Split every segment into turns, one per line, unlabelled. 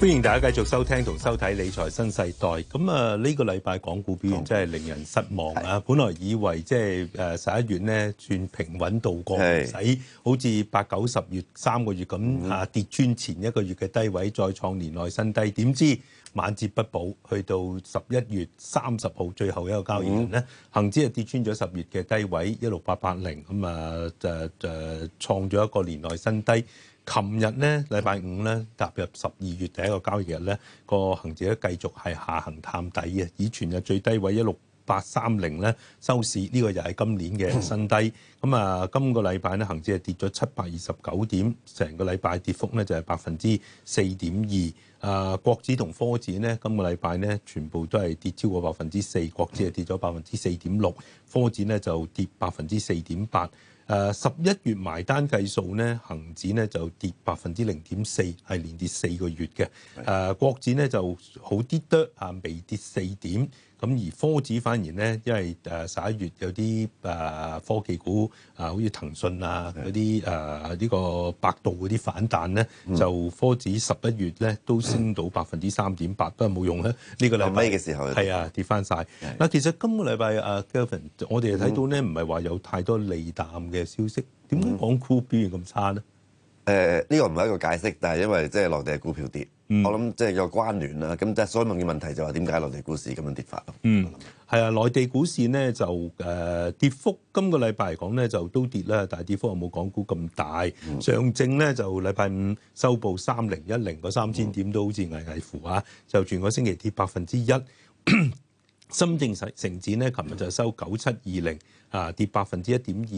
歡迎大家繼續收聽同收睇《理財新世代》。咁啊，呢、呢個禮拜港股表現真係令人失望啊！是本來以為即係誒十一月呢算平穩度過，唔使是好似八九十月三個月咁、嗯、啊跌穿前一個月嘅低位，再創年內新低。點知晚節不保，去到十一月三十號最後一個交易日呢，恒指係跌穿咗十月嘅低位一六八八零，咁啊就就、啊啊、創咗一個年內新低。琴日咧，禮拜五咧，踏入十二月第一個交易日咧，個恒指繼續係下行探底嘅，以全日最低位一六八三零咧收市，呢個又係今年嘅新低。咁啊，今個禮拜咧，恒指係跌咗七百二十九點，成個禮拜跌幅咧就係百分之四點二。誒、啊、國指同科展咧，今個禮拜咧全部都係跌超過百分之四，國指係跌咗百分之四點六，科展咧就跌百分之四點八。十、啊、一月埋單計數咧，恒展咧就跌百分之零點四，係連跌四個月嘅。誒、啊、國展咧就好啲得，啊，未跌四點，咁而科指反而咧，因為十一、啊、月有啲、啊、科技股啊，好似騰訊啊嗰啲誒呢個百度嗰啲反彈咧，就科指十一月咧都，升到百分之三點八，都係冇用啦。呢、呢個禮拜嘅時候、啊，係啊跌翻晒。嗱的，其實今個禮拜阿 Gavin，我哋睇到咧，唔係話有太多利淡嘅消息，
點解港股表現咁差咧？誒呢、呃這個唔係一個解釋，但係因為即係內地嘅股票跌，嗯、我諗即係有關聯啦。咁即係所以問嘅問題就話點解內地股市咁樣跌法咯？嗯，
係啊，內地股市咧就誒、呃、跌幅，今個禮拜嚟講咧就都跌啦，但係跌幅又冇港股咁大。嗯、上證咧就禮拜五收報三零一零嗰三千點都好似危危乎啊！嗯、就全個星期跌百分之一。 深證成成指呢，咧，琴日就收九七二零，啊跌百分之一點二。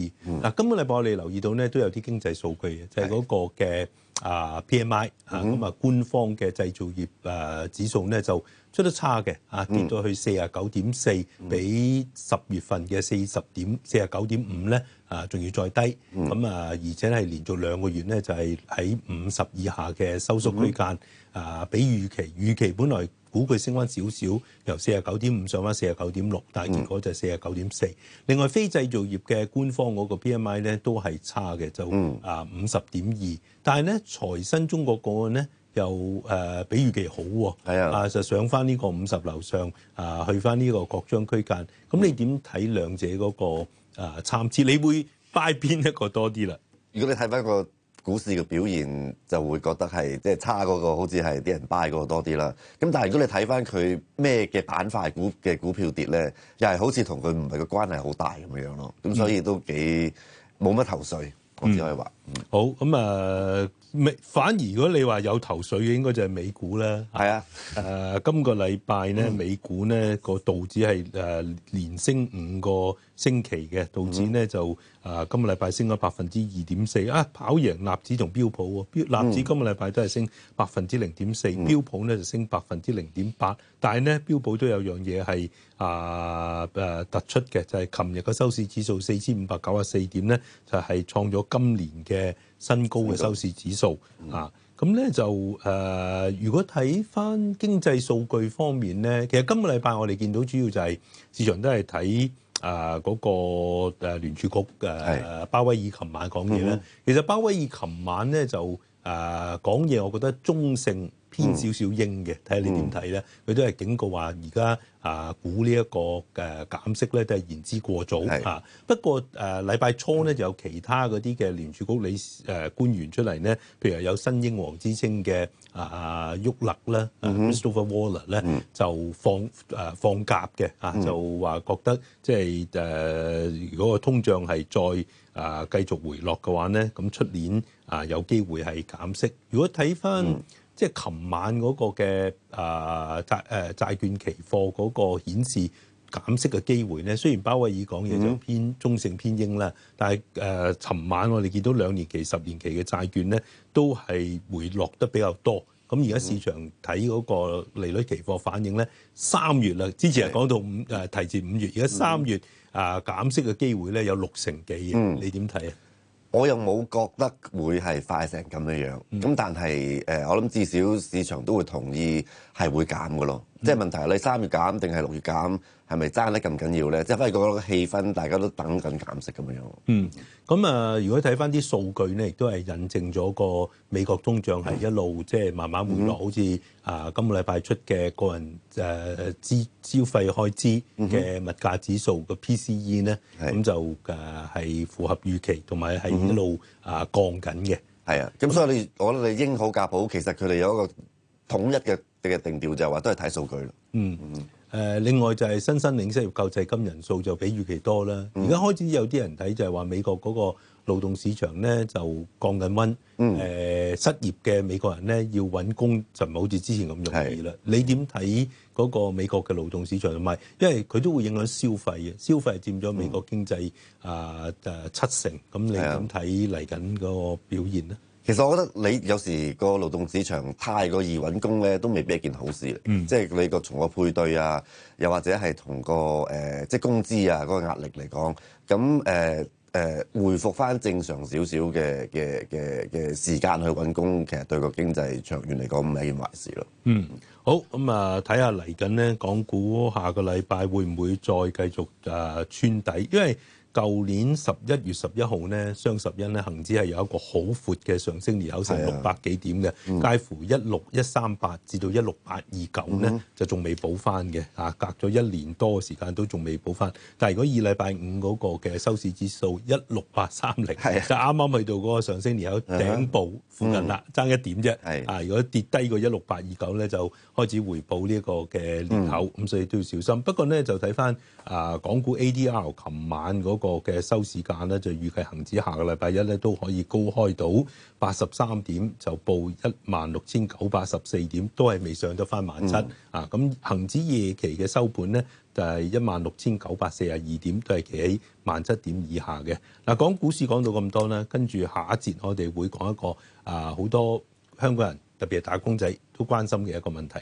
嗱、嗯，今個禮拜我哋留意到咧，都有啲經濟數據嘅，就係、是、嗰個嘅、嗯、啊 P M I，咁啊官方嘅製造業指數咧就出得差嘅，啊跌到去四啊九點四，比十月份嘅四十點四啊九點五咧啊仲要再低。咁啊、嗯，而且係連續兩個月咧就係喺五十以下嘅收縮區間，啊比預期，預期本來。估佢升翻少少，由四十九點五上翻四十九點六，但係結果就係四十九點四。嗯、另外非製造業嘅官方嗰個 P M I 咧都係差嘅，就啊五十點二。嗯、但係咧財新中國個案咧又誒、呃、比預期好喎、啊，係、嗯、啊，就上翻呢個五十樓上啊，去翻呢個擴張區間。咁你點睇兩者嗰、嗰個啊、呃、參差？你會 buy 邊一個多
啲啦？如果你睇翻、嗰個。股市嘅表現就會覺得係即係差嗰個，好似係啲人 buy 嗰個多啲啦。咁但係如果你睇翻佢咩嘅板塊股嘅股票跌咧，又係好似同佢唔係個關係好大咁樣咯。咁所以都幾冇乜頭緒，我只可以話。嗯
好咁啊，美、嗯、反而如果你話有頭緒嘅，應該就係美股啦。係是啊、呃，今個禮拜呢，美股呢個道指係誒、呃、連升五個星期嘅，道指呢就、呃、今個禮拜升咗百分之二點四啊，跑贏納指同標普喎、啊。納指今個禮拜都係升百分之零點四，標普呢就升百分之零點八，但係呢，標普都有樣嘢係啊誒、啊、突出嘅，就係琴日嘅收市指數四千五百九十四點呢，就係、是、創咗今年嘅。嘅新高嘅收市指數。嗯、啊，咁咧就誒、呃，如果睇翻經濟數據方面咧，其實今個禮拜我哋見到主要就係市場都係睇誒嗰個誒聯儲局嘅誒鮑、呃、威爾琴晚講嘢咧，嗯、其實鮑威爾琴晚咧就。啊，講嘢、呃、我覺得中性偏少少鷹嘅，睇下、嗯、你點睇咧？佢都係警告話，而家啊估呢、這、一個嘅、呃、減息咧，都係言之過早是的、啊、不過誒禮拜初咧，就有其他嗰啲嘅聯儲局理、呃、官員出嚟咧，譬如有新英皇之稱嘅啊沃勒咧，就放誒放鴿嘅嚇，就話覺得即係誒嗰個通脹係再。啊，繼續回落嘅話咧，咁出年啊有機會係減息。如果睇返、嗯、即係琴晚嗰個嘅啊債誒債券期貨嗰個顯示減息嘅機會咧，雖然鮑威爾講嘢就偏、嗯、中性偏鷹啦，但係誒琴晚我哋見到兩年期、十年期嘅債券咧都係回落得比較多。咁而家市場睇嗰個利率期貨反應咧，三月啦，之前係講到五誒是、呃、提前五月，而家三月。嗯嗯。啊，減息嘅機會咧有六成幾，嗯、你點睇啊？
我又冇覺得會係快成咁樣樣，咁、嗯、但係誒、呃，我諗至少市場都會同意係會減㗎咯。嗯、即係問題係你三月減定係六月減？係咪爭得咁緊要咧？即係反而個氣氛大家都等緊減息咁樣。嗯，
咁啊，如果睇翻啲數據咧，亦都係印證咗個美國通脹係一路即係慢慢回落，好似啊今個禮拜出嘅個人誒支消費開支嘅物價指數個 PCE 咧，咁就誒係符合預期，同埋係一
路啊降緊嘅。係啊，咁所以你我覺得你英鎊、加幣其實佢哋有一個統一嘅嘅定調，就係話都係睇數據咯。嗯。
誒，另外就係新生領失業救濟金人數就比預期多啦。而家開始有啲人睇就係話美國嗰個勞動市場咧就降緊溫，嗯呃，失業嘅美國人咧要揾工就唔係好似之前咁容易啦。你點睇嗰個美國嘅勞動市場同埋，因為佢都會影響消費嘅，消費占佔咗美國經濟啊、嗯呃、七成。咁你點睇
嚟緊嗰個表現咧？其實我覺得你有時個勞動市場太過易揾工咧，都未必係一件好事。嗯，即係你個從個配對啊，又或者係同個誒、呃，即係工資啊嗰個壓力嚟講，咁誒誒，恢、呃呃、復翻正常少少嘅嘅嘅嘅時間去揾工，其實對個經濟長遠嚟講唔係一件壞事咯。嗯，
好，咁啊，睇下嚟緊咧，港股下個禮拜會唔會再繼續誒穿底？因為舊年十一月十一號呢，雙十一呢，恒指係有一個好闊嘅上升年口，成六百幾點嘅，介、嗯、乎一六一三八至到一六八二九呢，嗯、就仲未補翻嘅、啊，隔咗一年多嘅時間都仲未補翻。但係如果二禮拜五嗰個嘅收市指數一六八三零，就啱啱去到嗰個上升年口頂部附近啦，爭、嗯、一點啫。的啊，如果跌低過一六八二九呢，就開始回補呢個嘅年口，咁、嗯、所以都要小心。不過呢，就睇翻啊，港股 ADR 琴晚嗰、那個。個嘅收市價咧，就預計恒指下個禮拜一咧都可以高開到八十三點，就報一萬六千九百十四點，都係未上得返萬七啊。咁恒指夜期嘅收盤咧就係一萬六千九百四十二點，都係企喺萬七點以下嘅。嗱、啊，講股市講到咁多咧，跟住下一節我哋會講一個啊，好多香港人特別係打工仔都關心嘅一個問題。